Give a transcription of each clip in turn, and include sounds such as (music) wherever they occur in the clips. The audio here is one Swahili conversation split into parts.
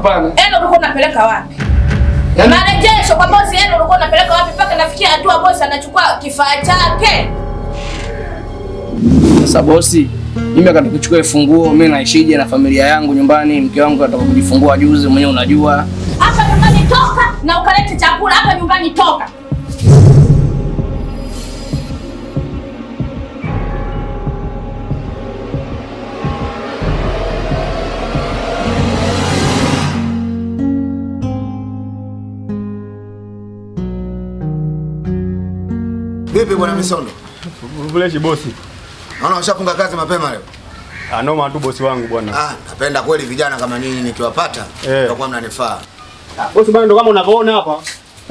wako pale. Yaani ulikuwa unapeleka wapi? Yaani- Marejesho kwa bosi Elo yaani ulikuwa unapeleka wapi mpaka nafikia hatua bosi anachukua kifaa chake? Sasa bosi, mimi akataka kuchukua funguo, mimi naishije na familia yangu nyumbani, mke wangu ataka kujifungua juzi, mwenyewe unajua. Hapa nyumbani toka na ukalete chakula hapa nyumbani toka. Vipi bwana mm. Misondo? Vuleshi bosi. Naona washafunga kazi mapema leo. Ah, noma tu bosi wangu bwana. Ah, napenda kweli vijana kama ninyi nikiwapata mtakuwa eh, mnanifaa. Ah, bosi bwana ndo kama unavyoona hapa.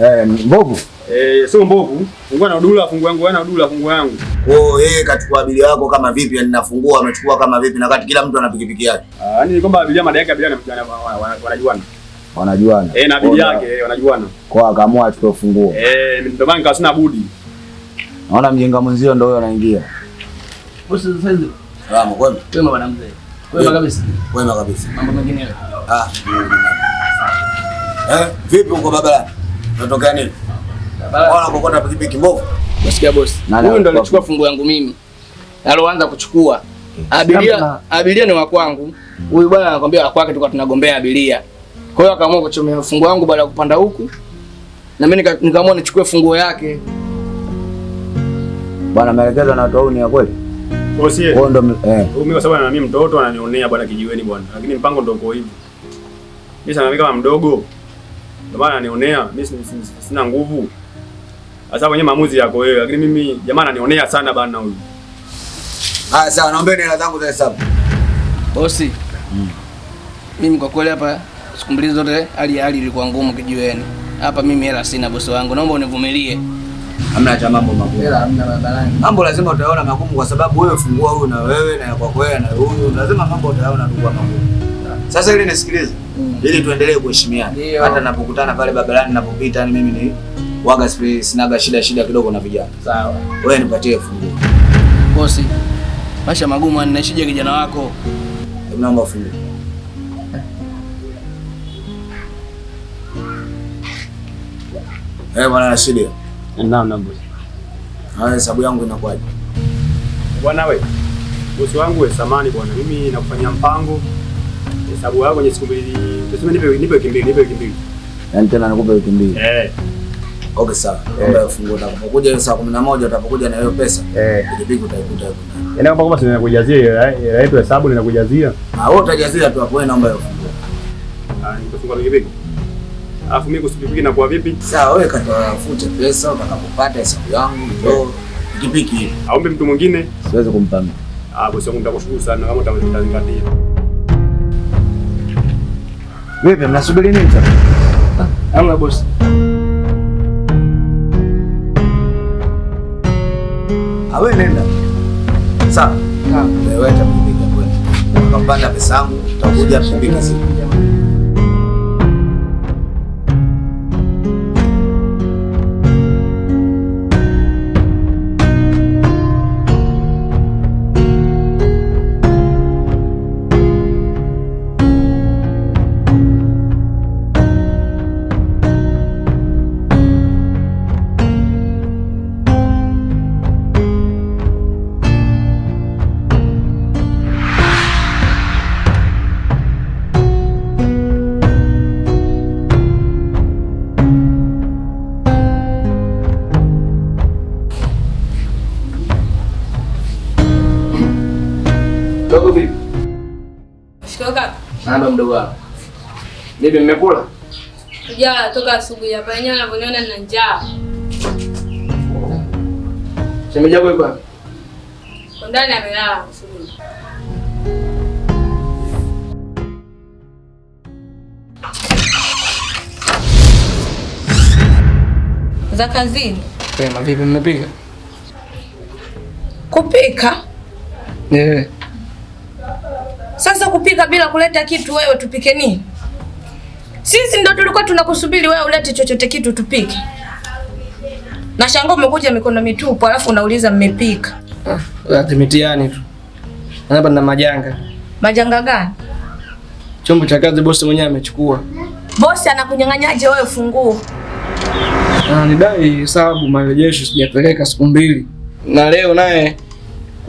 Eh, mbovu. Eh, sio mbovu. Fungua na dula, fungu yangu wewe na dula, fungu yangu. Kwa yeye kachukua abilia yako kama vipi, ninafungua yaani amechukua kama vipi na kati kila mtu ana pikipiki yake. Ah, yani ni kwamba abilia madaka yake abilia na wanajuana. Wanajuana. Eh, na abilia yake eh, wanajuana. Kwa akaamua achukue funguo. Eh, ndio maana nikasina budi. Naona mjenga mwenzio ndio huyo anaingia. Bosi sasa hivi. Ah, Salamu kwema. Kwema bwana mzee. Kwema kabisa. Kwema kabisa. Mambo mengine leo. Ah. Eh, vipi uko baba? Unatokea nini? Baba. Wala ukokota pikipiki mbovu. Nasikia bosi. Huyu ndo alichukua fungu yangu mimi. Aloanza kuchukua. Eh. Abilia, abilia ni wa kwangu. Huyu bwana anakuambia wa kwake tulikuwa tunagombea abilia. Kwa hiyo akaamua kuchomea fungu yangu baada ya kupanda huku. Na mimi nikaamua nichukue funguo yake. Bwana, maelekezo na watu ni ya kweli. Mimi oh, eh. kwa sababu na mimi mtoto ananionea bwana kijiweni bwana, lakini mpango ndio hivi. Mimi sana kama mdogo ndio maana ananionea, mimi sina nguvu. Sasa kwenye maamuzi yako wewe, lakini mimi jamaa ananionea sana bwana huyu. Ah, sawa, naomba hela zangu za hesabu. Bosi. Mm. Mimi kwa kweli hapa siku mbili zote hali hali ilikuwa ngumu kijiweni. Hapa mimi hela sina bosi wangu. Naomba univumilie hamna cha mambo magumu. Hela hamna barabarani. Mambo lazima utaona magumu kwa sababu wewe fungua huyu na wewe na kwa kwa na huyu lazima mambo utaona ndugu magumu. Sasa ili nisikilize mm. ili tuendelee kuheshimiana. Hata napokutana pale barabarani napopita ni mimi ni waga sinaga shida shida kidogo na vijana. Sawa. Wewe nipatie funguo. Bosi. Maisha magumu anaishije kijana wako? Naomba funguo. Eh, bwana Rashidi. Naam, naam bosi. Haya, hesabu yangu inakwaje? Bwana wewe. Bosi wangu we samani bwana, mimi nakufanyia mpango hesabu yako kwenye siku mbili. Tuseme nipe nipe wiki mbili, nipe wiki mbili. Yaani tena nakupa wiki mbili. Eh. Okay sawa. Naomba ufungue eh. utakapokuja hiyo saa 11 utapokuja na hiyo pesa. Eh. Pikipiki utaikuta hapo. Yaani kwamba basi ninakujazia ile ile eh, yetu eh, hesabu ninakujazia. Ah, wewe utajazia tu hapo wewe naomba hiyo. Ah, nitafunga pikipiki afu mimi kusubiri na kwa vipi? Sawa, wewe kata futa pesa utakapopata siku yangu ndio pikipiki. Aombe mtu mwingine? Siwezi kumpa mimi. Ah, bosi wangu nitakushukuru sana kama utazingatia. Wewe mnasubiri nini sasa? Hamna boss. Awe ah, nenda. Sawa. Ah. Wewe wewe utakapopata pesa yangu utakuja pikipiki. Naomba mdogo wangu. Bibi mmekula? Ja, toka asubuhi hapa yenyewe anavyoniona nina njaa. Shemeji yako yuko wapi? Ndani amelala asubuhi. Za kazini. Vipi mmepika? Kupika? Yeah. Sasa kupika bila kuleta kitu, wewe tupike nini? Sisi ndo tulikuwa tunakusubiri wewe ulete chochote kitu tupike. Na shangao umekuja mikono mitupu, alafu unauliza mmepika. Ah, mitiani tu. Hapa na majanga. Majanga gani? Chombo cha kazi bosi mwenyewe amechukua. Bosi anakunyang'anyaje wewe funguo? Ah, nidai hesabu marejesho sijapeleka siku mbili. Na leo naye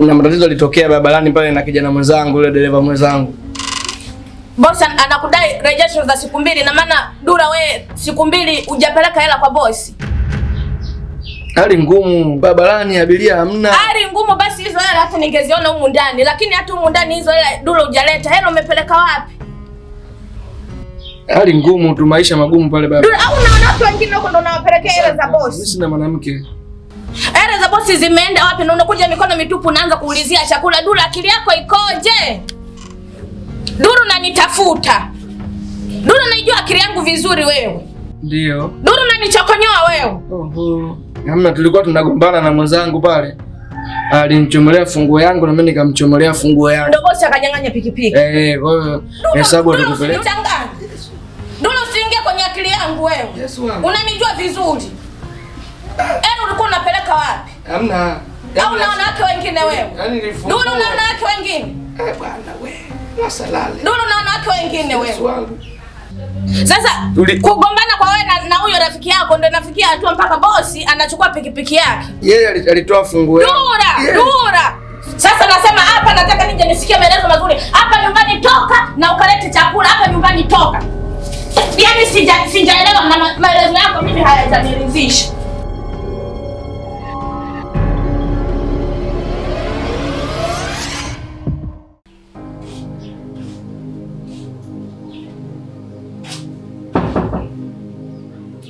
kuna matatizo yalitokea barabarani pale na kijana mwenzangu yule dereva mwenzangu. Boss anakudai rejesho za siku mbili na maana Dura, we siku mbili hujapeleka hela kwa boss. Hali ngumu barabarani, abiria hamna. Hali ngumu, basi hizo hela hata ningeziona humu ndani, lakini hata humu ndani hizo hela Dura hujaleta. Hela umepeleka wapi? Hali ngumu tu, maisha magumu pale baba. Dula, au unaona watu wengine huko ndo unawapelekea hela za boss. Mimi sina mwanamke bosi zimeenda wapi? Na unakuja mikono mitupu, naanza kuulizia chakula. Duru, akili yako ikoje? Duru unanitafuta? Duru naijua akili yangu vizuri wewe. Ndio. Duru unanichokonyoa wewe. Oho. Hamna, yaani, tulikuwa tunagombana na mwenzangu pale, alimchomolea funguo yangu na mimi nikamchomolea funguo yangu. Ndio bosi akanyang'anya pikipiki. Eh, eh kwa hiyo hesabu atakupeleka. Duru, usiingie kwenye akili yangu wewe. Yes, unanijua vizuri. Hamna. Au na wanawake wengine wewe? Yaani nilifunga. na wanawake wengine? Eh, bwana wewe. Masalale. na wanawake wengine wewe. Sasa kugombana kwa wewe na huyo rafiki yako ndio inafikia hatua mpaka bosi anachukua pikipiki yake. Yeye alitoa funguo. Dura, dura. Sasa nasema hapa nataka nije nisikie maelezo mazuri. Hapa nyumbani toka na ukalete chakula hapa nyumbani toka. Yaani sija sijaelewa maelezo yako mimi hayajaniridhisha.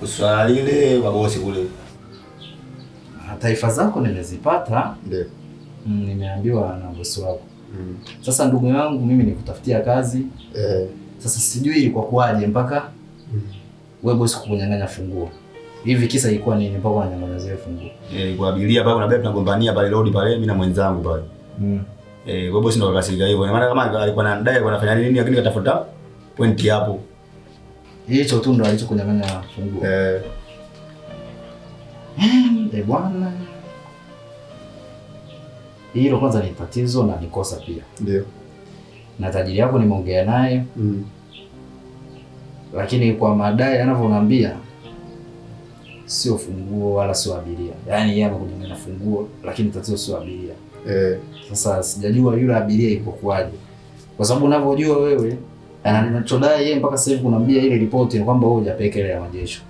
kuswala lile mabosi kule. Ah, taifa zako nimezipata, ndio mm, nimeambiwa na bosi wako. Mm. Sasa ndugu yangu, mimi nikutafutia kazi eh. Sasa sijui ilikuwa kuwaje mpaka mm. wewe bosi kukunyang'anya funguo hivi, kisa ilikuwa nini mpaka unanyang'anya funguo eh? Kwa abiria pale na bebe tunagombania pale road pale, mimi na mwenzangu pale mm. eh, wewe bosi ndo kasirika hivyo, maana kama alikuwa anadai anafanya nini, lakini katafuta pointi hapo hicho tu ndo alichokunyang'anya funguo eh. eh. Eh, bwana hilo kwanza ni tatizo na ni kosa pia. Ndio. Na tajiri yako nimeongea naye mm. Lakini kwa madai anavyoniambia sio funguo wala sio abiria, yaani yeye amekuja na funguo lakini tatizo sio abiria eh. Sasa sijajua yule abiria iko kwaje, kwa sababu unavyojua wewe na ninachodai yeye mpaka sasa hivi kunambia ile ripoti ya kwamba wewe hujapeleka ile ya majesho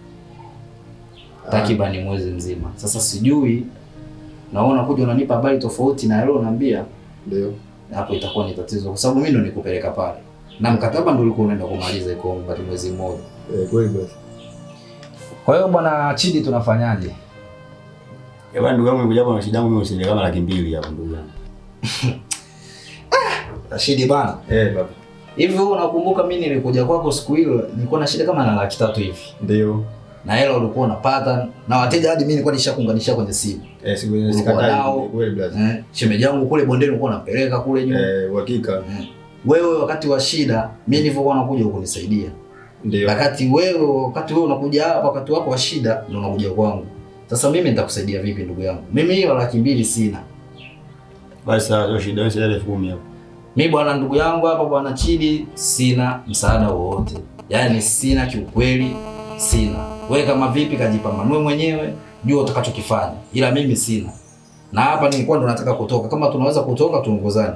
takriban mwezi mzima sasa, sijui naona kuja unanipa habari tofauti na leo unaambia. Ndio hapo itakuwa ni tatizo, kwa sababu mimi ndo nikupeleka pale na mkataba ndio ulikuwa unaenda kumaliza iko mbali mwezi mmoja. Eh, kweli kweli. Kwa hiyo bwana Chidi, tunafanyaje? Eh bwana, ndugu yangu nikuja hapa na shida yangu mimi, usiende kama laki mbili hapo ndugu yangu. (laughs) Ah, Rashidi bana. Eh baba. Hivi wewe unakumbuka mimi nilikuja kwako siku ile nilikuwa na shida kama na laki tatu hivi. Ndio. Na hela ulikuwa unapata na wateja hadi mimi nilikuwa nishakuunganisha kwenye simu. Eh, siku ile sikatai kweli blaza. Eh, shemeji yangu kule bondeni ulikuwa unapeleka kule nyuma. Eh, uhakika. Eh. Wewe wakati wa shida mimi nilivyokuwa nakuja kukunisaidia. Ndio. Wakati wewe wakati wewe unakuja hapa wakati wako wa shida ndio unakuja kwangu. Sasa mimi nitakusaidia vipi ndugu yangu? Mimi hiyo laki mbili sina. Basi hiyo shida wewe elfu kumi hapo. Mi bwana, ndugu yangu hapa bwana Chidi, sina msaada wowote, yaani sina kiukweli, sina wewe. Kama vipi, kajipambanue mwenyewe, jua utakachokifanya, ila mimi sina. Na hapa nilikuwa ndo nataka kutoka, kama tunaweza kutoka tuongozane,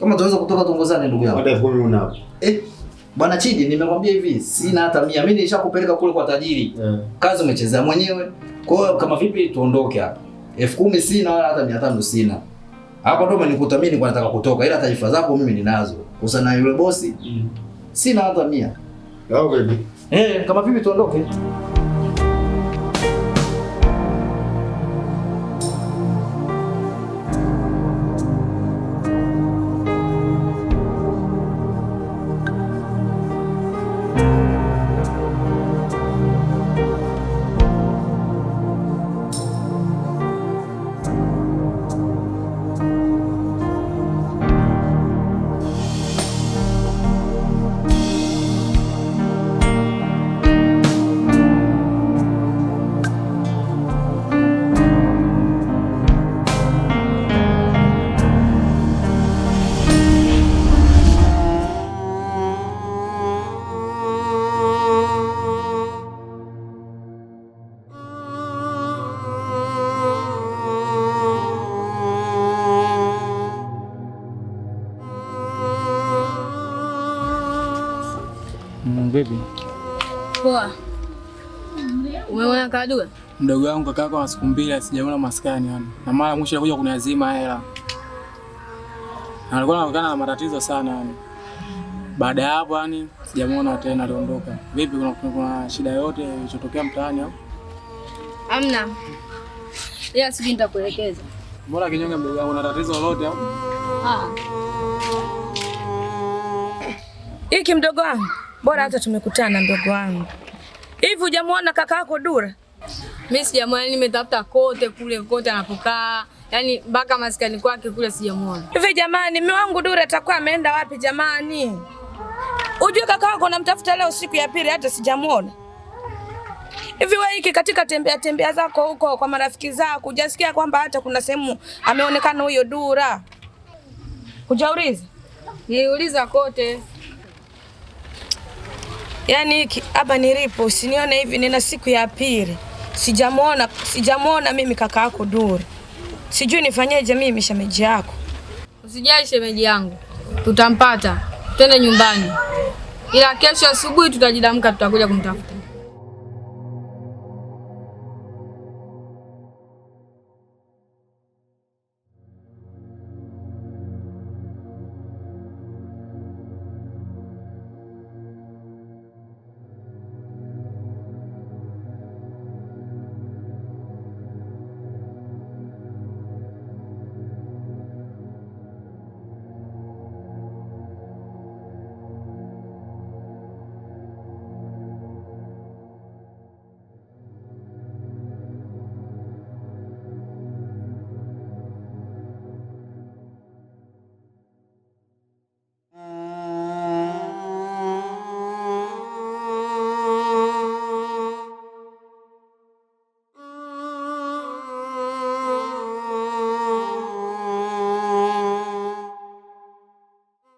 kama tunaweza kutoka tuongozane, ndugu yangu. Eh, bwana Chidi, nimekwambia hivi, sina hata mia. Mimi nishakupeleka kule kwa tajiri, yeah. Kazi umechezea mwenyewe. Kwa hiyo kama vipi, tuondoke hapa. elfu kumi sina wala hata mia tano sina. Hapo ndo umenikuta mimi nilikuwa nataka kutoka, ila taarifa zako mimi ninazo. na yule bosi. Mm. Sina hata mia. Yao baby. Eh, kama vipi tuondoke. Vipi? Poa. Umeona Kadua? Mdogo wangu kaka kwa siku mbili asijaona maskani yani. Na mara mwisho alikuja kuniazima hela. alikuwa anakana na matatizo sana yani. Baada ya hapo yani sijamuona tena aliondoka. Vipi kuna, kuna shida yote ilichotokea mtaani au? Hamna. yeah, sijui nitakuelekeza. Mbona kinyonge mdogo wangu una tatizo lolote au? Ah. Iki mdogo wangu. Bora hata tumekutana ndogo wangu. Hivi hujamuona kaka yako Dura? Mimi sijamuona, yaani nimetafuta kote kule kote anapokaa. Yaani mpaka maskani kwake kule sijamuona. Hivi jamani, mimi wangu Dura atakuwa ameenda wapi jamani? Ujue kaka yako namtafuta leo siku ya pili hata sijamuona. Hivi wewe hiki katika tembea tembea zako huko kwa marafiki zako, hujasikia kwamba hata kuna sehemu ameonekana huyo Dura? Hujauliza? Niuliza kote yani hapa nilipo, usinione hivi, nina siku ya pili sijamuona sijamwona mimi kaka yako Duri, sijui nifanyeje mimi shemeji yako. Usijali shemeji yangu, tutampata, twende nyumbani, ila kesho asubuhi tutajidamka, tutakuja kumtafuta.